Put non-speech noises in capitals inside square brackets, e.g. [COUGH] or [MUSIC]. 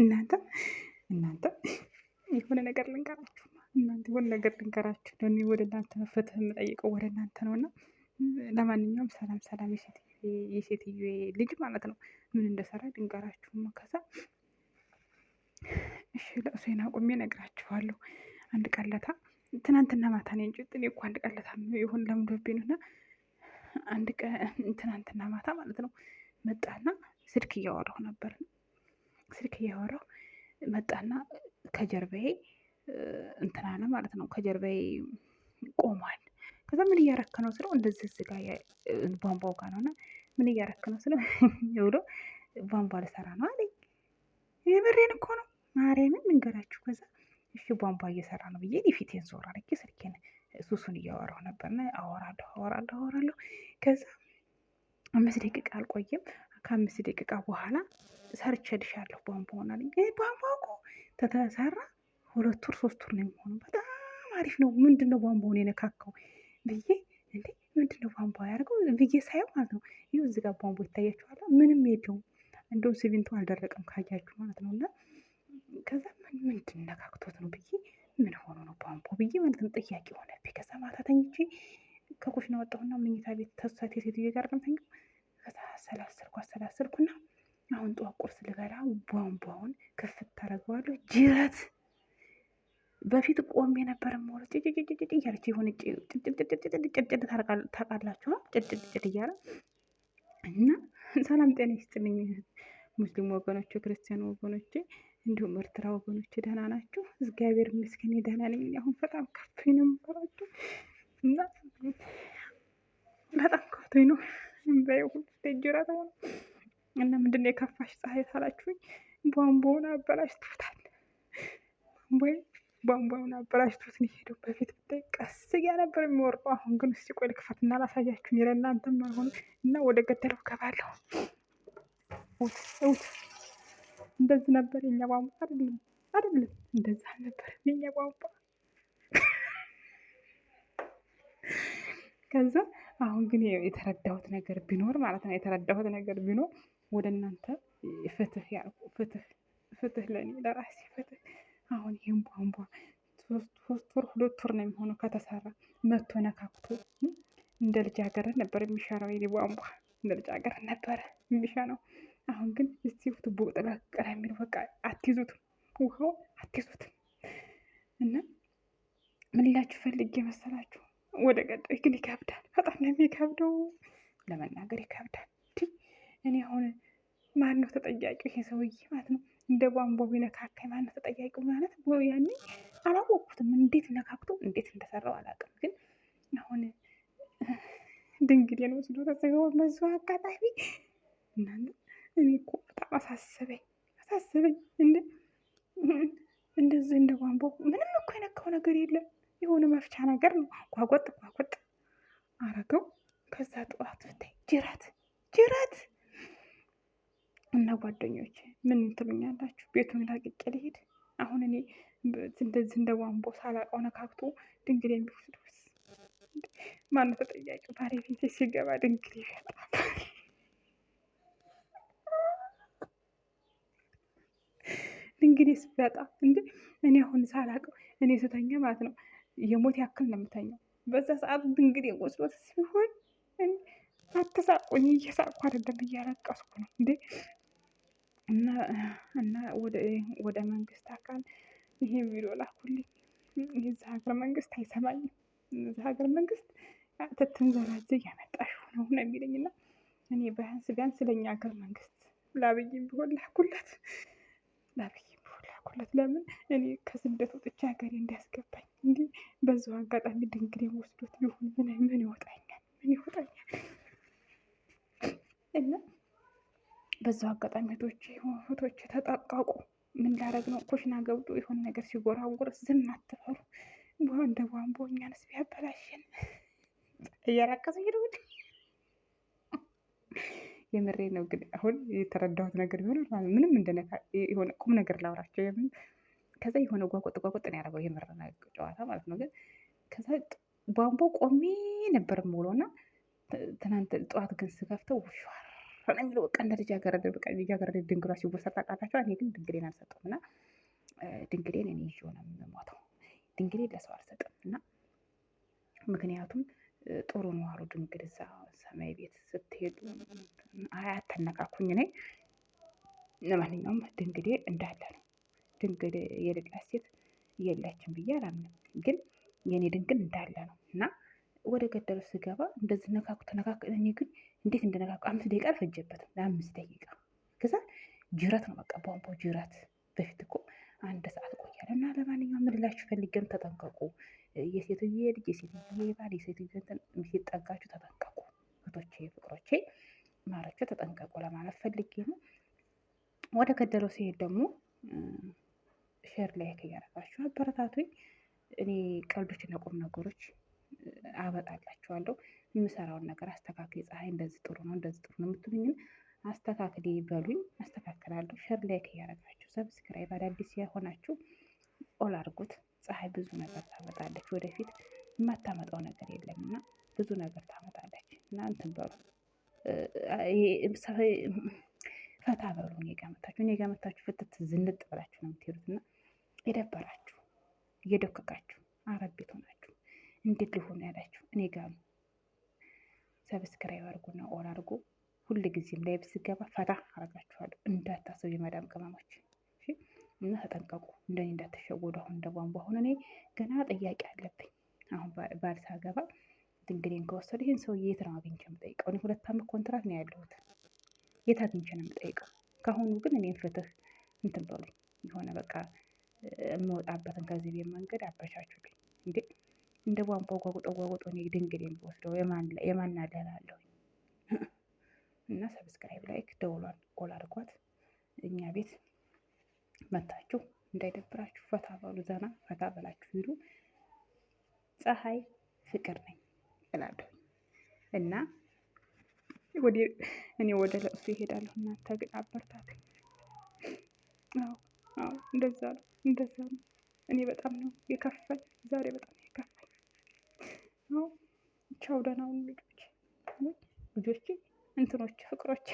እናንተ እናንተ የሆነ ነገር ልንገራችሁ፣ እናንተ የሆነ ነገር ልንገራችሁ። እኔ ወደ እናንተ ፍትህ የምጠይቀው ወደ እናንተ ነው። እና ለማንኛውም ሰላም ሰላም፣ የሴትዮ ልጅ ማለት ነው። ምን እንደሰራ ልንገራችሁ። ከዛ እሺ ለእሱን አቁሜ ነግራችኋለሁ። አንድ ቀለታ ትናንትና ማታ ነው እንጂ እኔ እኮ አንድ ቀለታ የሆነ ለምዶብኝ ነውና አንድ ቀን ትናንትና ማታ ማለት ነው መጣና ስልክ እያወራሁ ነበር ስልክ እያወራሁ መጣና ከጀርባዬ እንትን አለ ማለት ነው። ከጀርባዬ ቆሟል። ከዛ ምን እያረክ ነው ስለው እንደዚህ ስጋ ቧንቧ ቧንቧው ጋር ነው እና ምን እያረክ ነው ስለው [LAUGHS] ብሎ ቧንቧ ልሰራ ነው አለኝ። የምሬን እኮ ነው ማርያምን ልንገራችሁ። ከዛ እሺ ቧንቧ እየሰራ ነው ብዬ ፊቴን ዞር አድርጌ ስልኬን እሱሱን እያወራሁ ነበርና አወራለሁ አወራለሁ አወራለሁ ከዛ አምስት ደቂቃ አልቆየም ከአምስት ደቂቃ በኋላ ሰርች ሄድሻለሁ ቧንቧ ሆናለኝ። ይህ ቧንቧ እኮ ተተሰራ ሁለት ወር ሶስት ወር ነው የሚሆነው። በጣም አሪፍ ነው። ምንድን ነው ቧንቧውን የነካካው ብዬ እንዴ ምንድን ነው ቧንቧ ያደርገው ብዬ ሳየው ማለት ነው። ይህ እዚህ ጋር ቧንቧ ይታያችኋል። ምንም የለውም። እንደውም ሲሚንቶ አልደረቀም ካያችሁ ማለት ነው። እና ከዛ ምን ምንድን ነካክቶት ነው ብዬ ምን ሆኖ ነው ቧንቧ ብዬ ማለት ነው ጥያቄ ሆነብኝ። ከዛ ማታ ተኝቼ ከኩሽና ወጣሁና መኝታ ቤት ተሳት የሴትዮ ጋር ነው ተኛው። ከዛ አሰላሰልኩ አሰላሰልኩና አሁን ጠዋት ቁርስ ልበላ ቧንቧውን ክፍት ታደርገዋለሁ። ጅረት በፊት ቆሜ ነበር ሞረ ጭጭጭጭጭ እያለች የሆነ ጭጭጭጭጭጭጭ ታውቃላችኋ ጭጭጭጭጭ እያለ እና ሰላም ጤና ይስጥልኝ ሙስሊም ወገኖቼ፣ ክርስቲያን ወገኖቼ እንዲሁም ኤርትራ ወገኖቼ ደህና ናችሁ? እግዚአብሔር ይመስገን ደህና ነኝ። አሁን በጣም ከፍ ነው የምፈራችሁ እና በጣም ከፍቶኝ ነው ሁሉ እና የከፋሽ ፀሐይ ሳላችሁኝ ቧንቧውን አበላሽቶታል። ቧንቧዬ ቧንቧውን አበላሽቶት ነው የሄደው። በፊት ብታይ ቀስ እያለ ነበር የሚወርደው። አሁን ግን ቆይ ልክፈት እና ለእናንተም እና ወደ ገደለው እገባለሁ። ውት እንደዚህ ነበር የኛ ቧንቧ አይደለም አይደለም፣ እንደዚህ አልነበረም የኛ ቧንቧ ከዛ አሁን ግን የተረዳሁት ነገር ቢኖር ማለት ነው የተረዳሁት ነገር ቢኖር ወደ እናንተ ፍትህ ያልኩ ፍትህ ፍትህ ለእኔ ለራሴ ፍትህ። አሁን ይህም ቧንቧ ሶስት ወር ሁለት ወር ነው የሚሆነው ከተሰራ መቶ ነካክቶ እንደ ልጅ ሀገር ነበር የሚሻለው የኔ ቧንቧ እንደ ልጅ ሀገር ነበረ የሚሻለው። አሁን ግን እስቲ ፉት ቦቅጠላ ቀረ የሚል በቃ አትይዙትም፣ ውሃው አትይዙትም እና ምን ላችሁ ፈልጌ መሰላችሁ ወደ ቀጣይ ግን ይከብዳል። በጣም ነው የሚከብደው፣ ለመናገር ይከብዳል። እኔ አሁን ማን ነው ተጠያቂው? ይሄ ሰውዬ ማለት ነው እንደ ቧንቧ ቢነካካኝ ማን ነው ተጠያቂው? ማለት ያኔ አላወቅኩትም፣ እንዴት ነካክቶ እንዴት እንደሰራው አላውቅም። ግን አሁን ድንግዴን ወስዶ ተዘገበ መዞ አጋጣሚ እናንተ እኔ እኮ በጣም አሳሰበኝ አሳሰበኝ። እንደ እንደዚህ እንደ ቧንቧ ምንም እኮ የነካው ነገር የለም የሆነ መፍቻ ነገር ነው። ጓጓጥ ጓጓጥ አረገው። ከዛ ጠዋት ብታይ ጅራት ጅራት እና ጓደኞች ምን ትሉኛላችሁ? ቤቱን ላቅቄ ልሄድ። አሁን እኔ እንደዚህ እንደ ቧንቧ ሳላቀው ነካክቶ ድንግል የሚወስድ ማን ተጠያቂ? ባሬ ቤቴ ሲገባ ድንግል ይሸጣል። ድንግል ስበጣ እንዴ እኔ አሁን ሳላቀው እኔ ስተኛ ማለት ነው የሞት ያክል ነው የምተኛው። በዛ ሰዓት ድንግል ወስዶት ሲሆን አትሳቁኝ፣ እየሳቁ አይደለም እያለቀስኩ ነው እንዴ እና እና ወደ መንግስት አካል ይሄ ቪዲዮ ላኩልኝ። የዚ ሀገር መንግስት አይሰማኝም። እዚ ሀገር መንግስት ትትንዘላዘ እያመጣሽ ነው ነው የሚለኝ እና እኔ ቢያንስ ቢያንስ ለእኛ ሀገር መንግስት ላብይም ቢሆን ላኩላት ላብይ ላኩለት። ለምን እኔ ከስደት ወጥቼ ሀገሬ እንዳያስገባኝ እንጂ በዛው አጋጣሚ ድንግሌ ወስዶት ቢሆን ምን ምን ይወጣኛል? ምን ይወጣኛል? እና በዛው አጋጣሚ እህቶቼ እህቶቼ ተጠቃቁ። ምን ላረግ ነው? ኩሽና ገብጦ የሆነ ነገር ሲጎራጎር ዝም አትፈሩ። እንደ ቧንቧ እኛንስ ቢያበላሽን እያራቀሰ ሄደ ወደ የምሬ ነው። ግን አሁን የተረዳሁት ነገር ቢሆን ምንም እንደነካ የሆነ ቁም ነገር ላውራቸው የምን ከዛ የሆነ ጓቆጥ ጓቆጥ ነው ያደረገው የምርና ጨዋታ ማለት ነው። ግን ከዛ ቧንቧ ቆሜ ነበር የምውለው እና ትናንት ጠዋት ግን ስከፍተው ሸር የሚለው በቃ እንደ ልጃገረድ በቃ ልጃገረድ ድንግሏ ሲወሰድ ታውቃላችሁ። እኔ ግን ድንግሌን አልሰጠም እና ድንግሌን እኔ ይዤው ነው የምሞተው። ድንግሌን ለሰው አልሰጠም እና ምክንያቱም ጥሩ ነው አሉ ድንግል እዛ ሰማይ ቤት ተማርኩኝ እኔ። ለማንኛውም ድንግዴ እንዳለ ነው። ድንግዴ የሌላት ሴት የለችም ብዬ አላምንም። ግን የኔ ድንግል እንዳለ ነው እና ወደ ገደሉ ስገባ እንደዚህ ነካኩ ተነካክ እኔ ግን እንዴት እንደነካኩ አምስት ደቂቃ አልፈጀበትም። ለአምስት ደቂቃ ከዛ ጅረት ነው በቃ ቧንቧ ጅረት። በፊት እኮ አንድ ሰዓት ቆያለሁ እና ለማንኛውም ምልላችሁ ፈልገን ተጠንቀቁ። የሴትዬ ልጅ የሴትዬ ባል የሴትዬ እንትን ሲጠጋችሁ ተጠንቀቁ እህቶቼ፣ ፍቅሮቼ ማሮቹ ተጠንቀቁ ለማለት ፈልጌ ነው። ወደ ገደለው ሲሄድ ደግሞ ሼር ላይክ እያደረጋችሁ አበረታቱኝ። እኔ ቀልዶችና ቁም ነገሮች አበጣላችኋለሁ። የምሰራውን ነገር አስተካክል። ፀሐይ እንደዚህ ጥሩ ነው እንደዚህ ጥሩ ነው የምትሉኝም አስተካክሌ ይበሉኝ፣ አስተካክላለሁ። ሸር ላይክ እያደረጋችሁ ሰብስክራይብ አዳዲስ የሆናችሁ ኦል አድርጉት። ፀሐይ ብዙ ነገር ታመጣለች ወደፊት፣ የማታመጣው ነገር የለም እና ብዙ ነገር ታመጣለች እና እንትን በሉ ፈታ በሉ። እኔ ጋ መታችሁ እኔ ጋ መታችሁ ፍትት ዝንጥ ብላችሁ ነው የምትሄዱት እና የደበራችሁ እየደከካችሁ አረብ ቤት ሆናችሁ እንዴት ሊሆን ያላችሁ እኔ ጋ ነው። ሰብስክራይብ አድርጎና ኦን አድርጎ ሁል ጊዜም ላይብ ስገባ ፈታ አረጋችኋለሁ። እንዳታሰቡ የመዳም ቅመሞች እና ተጠንቀቁ፣ እንደኔ እንዳትሸወዱ። አሁን እንደ ቧንቧ አሁን እኔ ገና ጥያቄ አለብኝ አሁን ባል ሳገባ እንግዲህ ከወሰዱ ይህን ሰው የት ነው አግኝቼ የምጠይቀው? እኔ ሁለት ዓመት ኮንትራት ነው ያለሁት። የት አግኝቼ ነው የምጠይቀው? ከአሁኑ ግን እኔም ፍትህ እንትን በሉኝ፣ የሆነ በቃ የምወጣበትን ከዚህ ቤት መንገድ አበሻችሁልኝ። እንዴ እንደ ቧንቧ ጓጉጦ ጓጉጦ እኔ ድንግሌን ወስደው የማን አደላለሁ? [LAUGHS] እና ሰብስክራይብ፣ ላይክ፣ ደውሏን ቆል አድርጓት። እኛ ቤት መታችሁ እንዳይደብራችሁ ፈታ በሉ ዘና ፈታ በላችሁ ሂዱ። ፀሐይ ፍቅር ነኝ። እላለሁ እና ወደ እኔ ወደ ለቅሶ ይሄዳለሁ። እናንተ ግን አበርታት። አዎ አዎ፣ እንደዛ ነው እንደዛ ነው። እኔ በጣም ነው የከፈል ዛሬ፣ በጣም የከፈል አዎ ቻው፣ ደህና ሁኑ ልጆች ልጆቼ፣ እንትኖች፣ ፍቅሮች